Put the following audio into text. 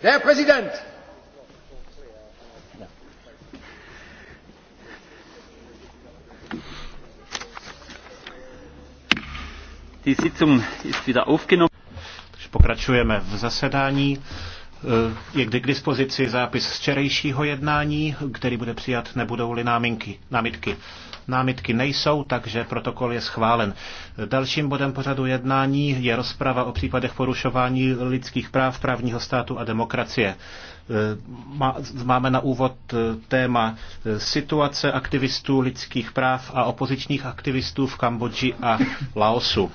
Der Präsident! Die Sitzung ist wieder aufgenommen. Pokračujeme v zasedání. Eh, je kdy k dispozici zápis z včerejšího jednání, který bude přijat, nebudou-li náminky, námitky. Námitky nejsou, takže protokol je schválen. Dalším bodem pořadu jednání je rozprava o případech porušování lidských práv, právního státu a demokracie. Eh, máme na úvod eh, téma situace aktivistů lidských práv a opozičních aktivistů v Kambodži a Laosu.